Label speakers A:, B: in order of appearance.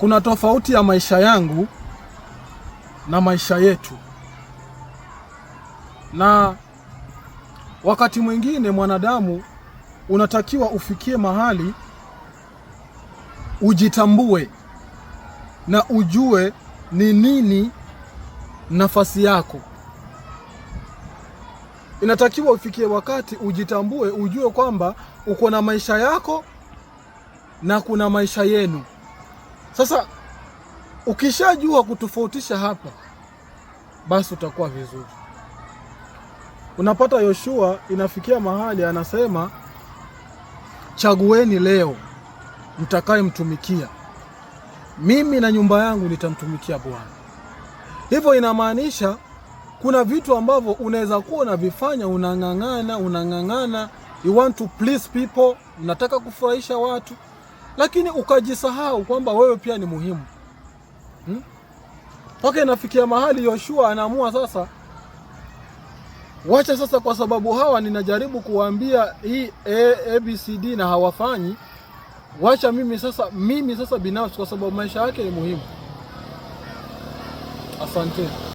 A: kuna tofauti ya maisha yangu na maisha yetu, na wakati mwingine mwanadamu unatakiwa ufikie mahali ujitambue na ujue ni nini nafasi yako. Inatakiwa ufikie wakati ujitambue, ujue kwamba uko na maisha yako na kuna maisha yenu. Sasa ukishajua kutofautisha hapa, basi utakuwa vizuri. Unapata Yoshua inafikia mahali anasema, chagueni leo mtakayemtumikia, mimi na nyumba yangu nitamtumikia Bwana. Hivyo inamaanisha kuna vitu ambavyo unaweza kuwa unavifanya, unang'ang'ana, unang'ang'ana, you want to please people, unataka kufurahisha watu lakini ukajisahau kwamba wewe pia ni muhimu hmm? mpaka hmm? Inafikia mahali Yoshua anaamua sasa, wacha sasa, kwa sababu hawa ninajaribu kuwaambia hii ABCD na hawafanyi, wacha mimi sasa, mimi sasa binafsi, kwa sababu maisha yake ni muhimu. Asante.